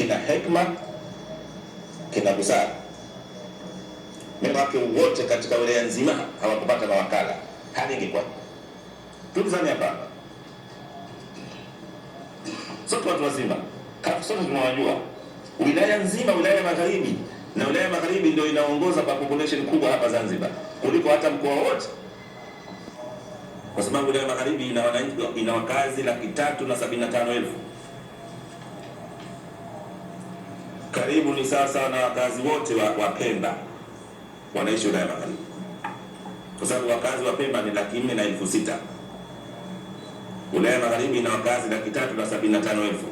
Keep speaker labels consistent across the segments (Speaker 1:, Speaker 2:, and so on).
Speaker 1: kina hekma, kina busara. wake wote katika wilaya nzima hawakupata mawakala, hali ingekuwa tukizani hapa sote watu wazima kafu, sote tunawajua wilaya nzima, wilaya ya magharibi na wilaya ya magharibi ndio inaongoza kwa population kubwa hapa Zanzibar kuliko hata mkoa wote, kwa sababu wilaya magharibi ina wakazi laki tatu na sabini na tano elfu karibu ni sasa na wakazi wote wa, wa Pemba wanaishi wilaya Magharibi, kwa sababu wakazi wa Pemba ni laki nne na elfu sita wilaya Magharibi ina wakazi laki tatu na sabini na tano elfu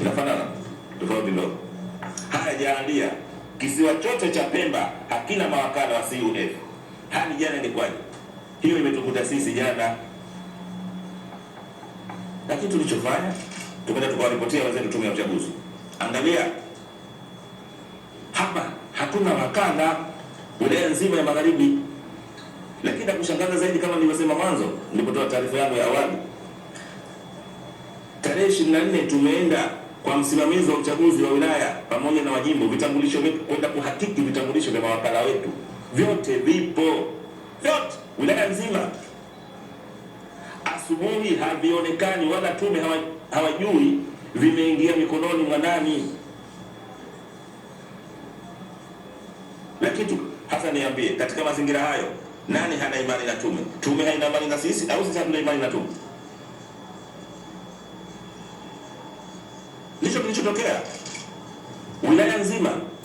Speaker 1: Inafanana tofauti ndogo. Haya kisiwa chote cha Pemba hakina mawakala wa CUF. Hadi jana ni kwaje? Hiyo imetukuta sisi jana, lakini tulichofanya tukaenda tukawaripotia wenzetu tume ya uchaguzi. Angalia hapa, hatuna wakala wilaya nzima ya magharibi. Lakini nakushangaza zaidi, kama nilivyosema mwanzo nilipotoa taarifa yangu ya awali, tarehe 24 tumeenda kwa msimamizi wa uchaguzi wa wilaya pamoja na wajimbo, vitambulisho vyetu kwenda kuhakiki vitambulisho vya mawakala wetu, vyote vipo, vyote wilaya nzima. Asubuhi havionekani wala tume hawajui vimeingia mikononi mwa nani? Na kitu hasa niambie, katika mazingira hayo nani hana imani na tume? Tume haina imani na sisi au sisi hatuna imani na tume? Ndicho kilichotokea wilaya nzima.